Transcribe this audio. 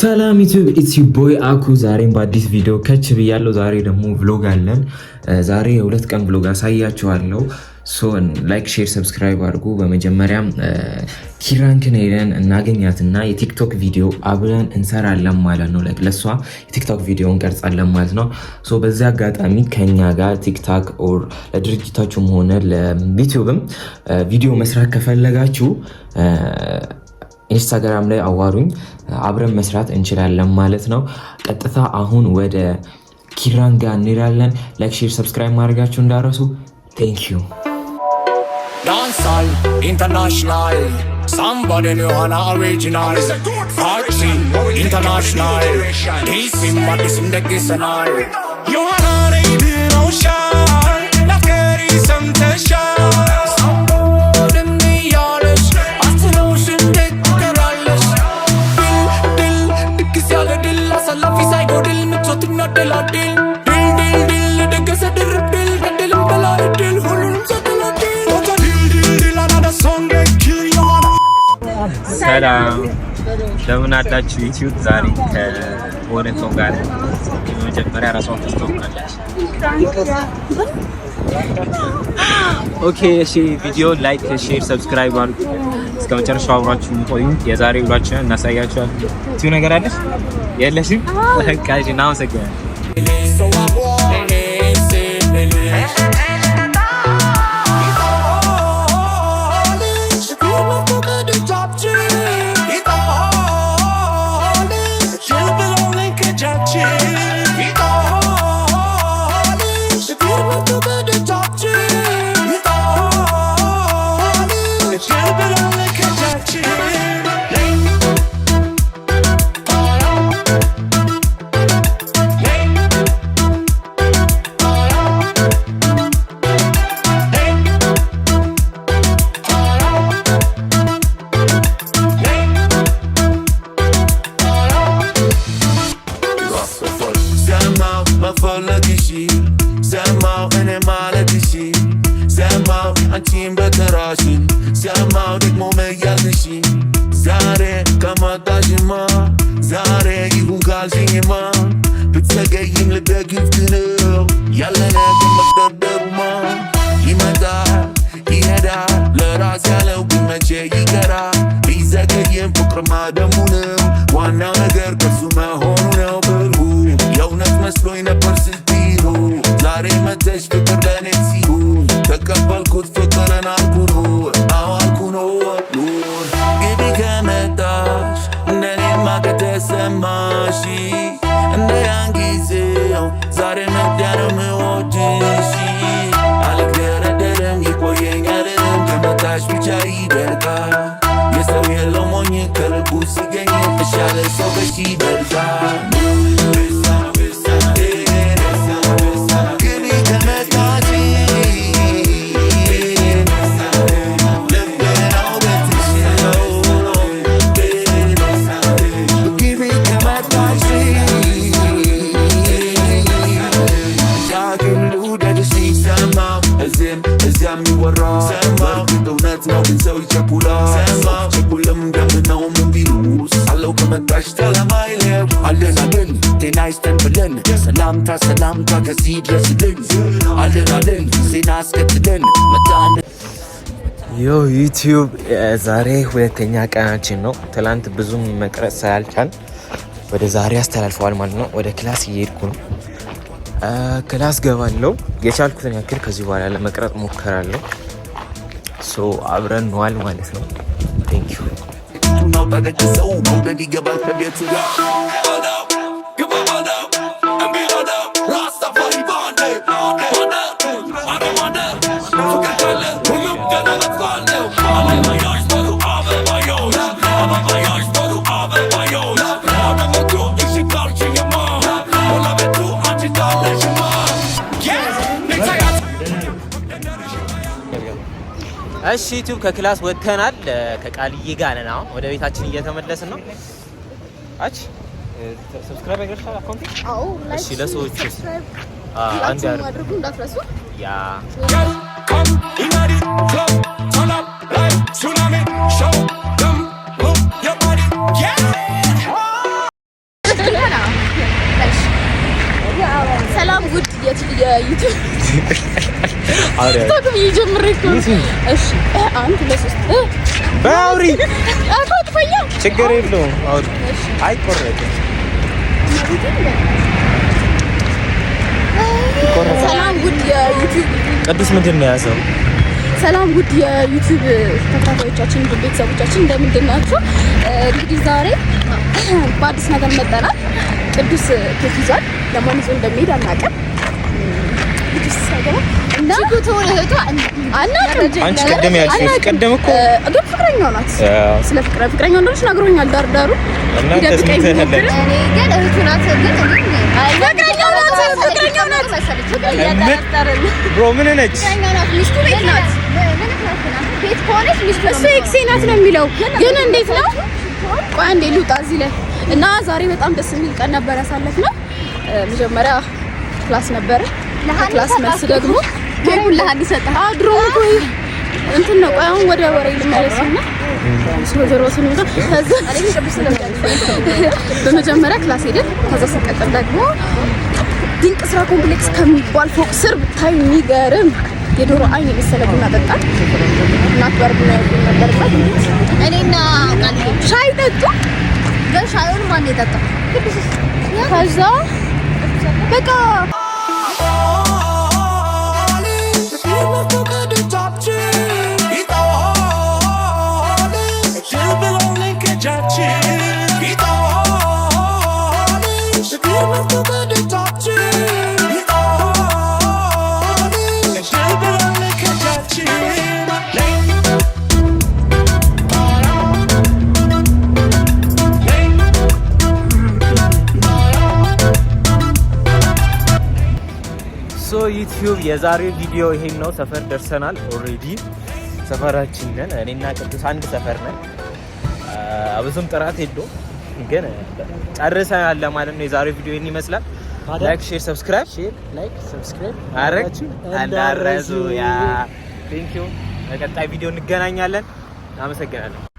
ሰላም ዩቲዩብ ኢትስ ቦይ አኩ ዛሬም በአዲስ ቪዲዮ ከች ብያለሁ። ዛሬ ደግሞ ቭሎግ አለን። ዛሬ የሁለት ቀን ቭሎግ አሳያችኋለሁ። ሶን ላይክ ሼር ሰብስክራይብ አድርጉ። በመጀመሪያም ኪራንክን ሄደን እናገኛትና የቲክቶክ ቪዲዮ አብረን እንሰራለን ማለት ነው። ላይክ ለእሷ የቲክቶክ ቪዲዮ እንቀርጻለን ማለት ነው። ሶ በዚህ አጋጣሚ ከኛ ጋር ቲክታክ ኦር ለድርጅታችሁም ሆነ ለዩቲዩብም ቪዲዮ መስራት ከፈለጋችሁ ኢንስታግራም ላይ አዋሩኝ፣ አብረን መስራት እንችላለን ማለት ነው። ቀጥታ አሁን ወደ ኪራን ጋር እንሄዳለን። ላይክ ሼር ሰብስክራይብ ማድረጋችሁ እንዳረሱ ቴንክ ዩ dancehall, international. Somebody new and original. Party, international. This is what this in the kiss and I. Yo harare din o şar, la keri sem teşar. ሰላም ለምን አላችሁ ዩቲዩብ። ዛሬ ከሆነ ጋር መጀመሪያ ራሷን ታስተዋውቃለች። ኦኬ እሺ፣ ቪዲዮ ላይክ፣ ሼር፣ ሰብስክራይብ አድርጉ። እስከ መጨረሻው አብራችሁ ቆዩ። የዛሬ ውሏችንን እናሳያችኋለን። ቲዩ ነገር አለሽ የለሽም? በቃ እሺ፣ እናመሰግናለን። መፈለግሽ ሰማው እኔ ማለትሽ ሰማው አንቺን በተራሽ ሰማው ደግሞ መያዝሽ ዛሬ ከመጣሽማ ዛሬ ይሁን ካልሽኝማ ብትዘገይም ልደግፍሽ ነው ያለነ መደርደሩማ ይመጣል ይሄዳል ለራስ ያለው ግን መቼ ይቀራል ቢዘገይም ፍቅርማ ደሙ ነው ዋናው ነገር ያን ጊዜው ዛሬ መዳን ምወድሽ አልደረደርም ይቆየኛልም ከመጣሽ ብቻ ይደርጋ የሰው የለው ሞኝ ከልቡ ሲገኝ የተሻለ ሰው በሺ ይበልጣ መጣሽ ተለማይሌ አለናለን ጤና ይስጠን ሰላምታ ሰላምታ ከዚህ ድረስልኝ አለናለን ዜና አስከትለን መጣን። ዮ ዩቲዩብ ዛሬ ሁለተኛ ቀናችን ነው። ትላንት ብዙም መቅረጽ ስላልቻል ወደ ዛሬ አስተላልፈዋል ማለት ነው። ወደ ክላስ እየሄድኩ ነው። ክላስ ገባለው። የቻልኩትን ያክል ከዚህ በኋላ ለመቅረጥ ሞከራለሁ። ሶ አብረን ነዋል ማለት ነው። ቴንክ ዩ up. I got your soul, know that nigga about to get to that. Hold up, give up, hold up, and be hold up. Rastafari bande, bande, bande, bande, bande. Forget the left, remember the left, bande. Alle my eyes, but I'm my eyes, I'm my eyes. እሺ ዩቲዩብ ከክላስ ወጥተናል። ከቃልዬ ጋር ነን። አሁን ወደ ቤታችን እየተመለስን ነው። አች ሰብስክራይብ ያደርሻል አካውንት። እሺ ለሰዎች አንድ ያድርጉ እንዳትረሱ ያ ቲክቶክ ብዬ ጀምሬ እኮ እሺ፣ አንድ ለሶስት በአውሪ አታጥፋኛ፣ ችግር የለውም አውሪ፣ አይቆረጥም። ሰላም ውድ የዩቲዩብ ቅዱስ ምንድን ነው የያዘው? ሰላም ጉድ የዩቲዩብ ተከታታዮቻችን እንደ ቤተሰቦቻችን እንደምንድን ናችሁ? እንግዲህ ዛሬ በአዲስ ነገር መጠናል። ቅዱስ ኬክ ይዟል። ለማን ይዞ እንደሚሄድ አናውቅም። አንቺ ቅድም ያልሽኝ ቅድም እኮ ግን ፍቅረኛው ናት። ስለ ፍቅረ ፍቅረኛው እንደሆነች ነግሮኛል። ዳር ዳሩ ምን ነች? ናት ነው የሚለው ግን እንዴት ነው? ቆይ አንዴ ልውጣ እዚህ ላይ እና ዛሬ በጣም ደስ የሚል ቀን ነበር ያሳለፍነው። መጀመሪያ ክላስ ነበረ ክላስ መልስ ደግሞ ኬኩን ለሀኒ ሰጠህ። ድሮ እንትን ነው። አሁን ወደ ወሬ ልመለስ እና በመጀመሪያ ክላስ ሄደን ከዛ ሲቀጥል ደግሞ ድንቅ ስራ ኮምፕሌክስ ከሚባል ፎቅ ስር ብታይ የሚገርም የዶሮ አይን የመሰለ ቡና ጠጣን። እናት በር ቡና ያሉ ነበርበት። እኔና ቃል ሻይ ጠጡ። ሻዩን ማን የጠጣ ከዛ በቃ ዩቲዩብ የዛሬ ቪዲዮ ይሄን ነው። ሰፈር ደርሰናል ኦልሬዲ ሰፈራችን ነን። እኔና ቅዱስ አንድ ሰፈር ነን። ብዙም ጥራት የለውም። ግን ጨርሰናል ለማለት ነው። የዛሬው ቪዲዮ ይህን ይመስላል። ላይክ፣ ሼር፣ ሰብስክራይብ ላይክ፣ ሰብስክራይብ አረጋችሁ ያ በቀጣይ ቪዲዮ እንገናኛለን። አመሰግናለሁ።